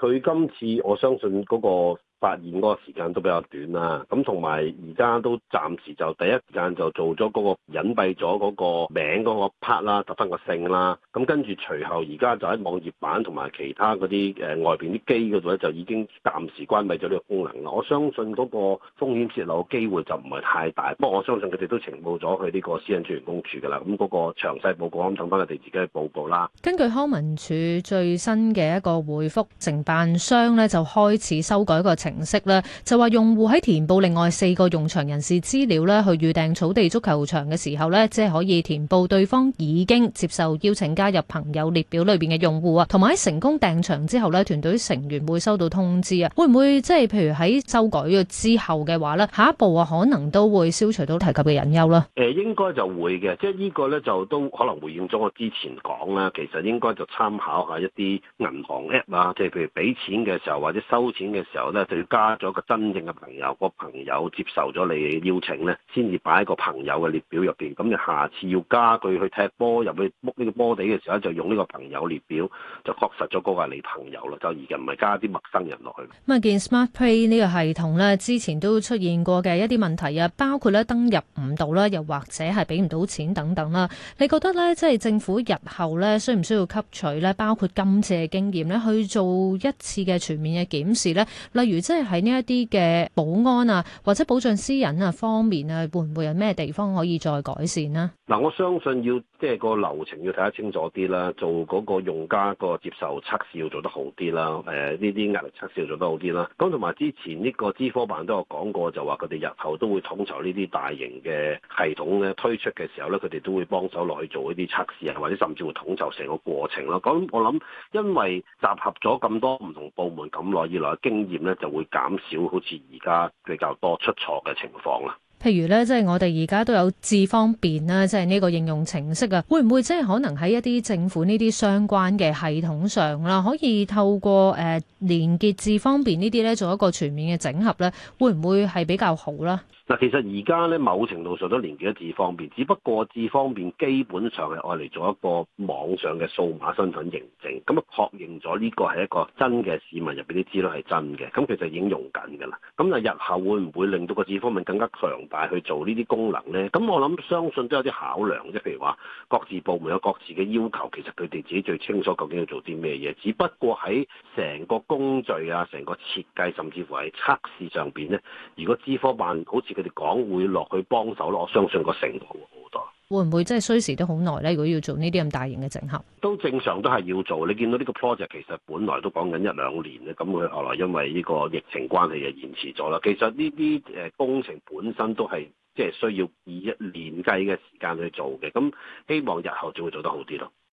佢今次我相信嗰個。發現嗰個時間都比較短啦，咁同埋而家都暫時就第一時間就做咗嗰個隱蔽咗嗰個名嗰個 part 啦，得返個姓啦，咁跟住隨後而家就喺網頁版同埋其他嗰啲誒外邊啲機嗰度咧，就已經暫時關閉咗呢個功能啦。我相信嗰個風險泄露嘅機會就唔係太大，不過我相信佢哋都呈報咗去呢個私隱專員公署㗎啦。咁嗰個詳細報告等翻佢哋自己報告啦。根據康文署最新嘅一個回覆，承辦商咧就開始修改個程式。形式咧就話用戶喺填報另外四個用場人士資料咧去預訂草地足球場嘅時候咧，即係可以填報對方已經接受邀請加入朋友列表裏邊嘅用戶啊，同埋喺成功訂場之後咧，團隊成員會收到通知啊。會唔會即係譬如喺修改咗之後嘅話咧，下一步啊可能都會消除到提及嘅隱憂啦？誒，應該就會嘅，即係呢個咧就都可能回應咗我之前講啦。其實應該就參考下一啲銀行 app 啊，即係譬如俾錢嘅時候或者收錢嘅時候咧，對。加咗個真正嘅朋友，個朋友接受咗你邀請呢先至擺喺個朋友嘅列表入邊。咁你下次要加佢去踢波，入去 book 呢個波地嘅時候咧，就用呢個朋友列表就確實咗嗰個係你朋友啦。就而家唔係加啲陌生人落去。咁啊，見 SmartPLAY 呢個系統呢，之前都出現過嘅一啲問題啊，包括咧登入唔到啦，又或者係俾唔到錢等等啦。你覺得呢？即係政府日後呢，需唔需要吸取咧，包括今次嘅經驗呢去做一次嘅全面嘅檢視呢？例如？即係喺呢一啲嘅保安啊，或者保障私隱啊方面啊，會唔會有咩地方可以再改善咧？嗱、啊，我相信要即係、就是、個流程要睇得清楚啲啦，做嗰個用家個接受測試要做得好啲啦。誒、呃，呢啲壓力測試要做得好啲啦。咁同埋之前呢個資科辦都有講過，就話佢哋日後都會統籌呢啲大型嘅系統咧推出嘅時候咧，佢哋都會幫手落去做一啲測試啊，或者甚至會統籌成個過程咯。咁我諗，因為集合咗咁多唔同部門咁耐以來嘅經驗咧，就會。會減少好似而家比較多出錯嘅情況啦。譬如咧，即係我哋而家都有智方便啦，即係呢個應用程式啊，會唔會即係可能喺一啲政府呢啲相關嘅系統上啦，可以透過誒連結智方便呢啲咧，做一個全面嘅整合咧，會唔會係比較好啦？嗱，其實而家咧，某程度上都連結咗智方便，只不過智方便基本上係愛嚟做一個網上嘅數碼身份認證，咁啊確認咗呢個係一個真嘅市民入邊啲資料係真嘅，咁其實已經用緊㗎啦。咁啊，日後會唔會令到個智方便更加強大去做呢啲功能咧？咁我諗相信都有啲考量，即係譬如話，各自部門有各自嘅要求，其實佢哋自己最清楚究竟要做啲咩嘢。只不過喺成個工序啊、成個設計，甚至乎係測試上邊咧，如果資科辦好似，佢哋講會落去幫手咯，我相信個成果會好多。會唔會真係需時都好耐咧？如果要做呢啲咁大型嘅整合，都正常都係要做。你見到呢個 project 其實本來都講緊一兩年嘅，咁佢後來因為呢個疫情關係就延遲咗啦。其實呢啲誒工程本身都係即係需要以一年計嘅時間去做嘅。咁希望日後就會做得好啲咯。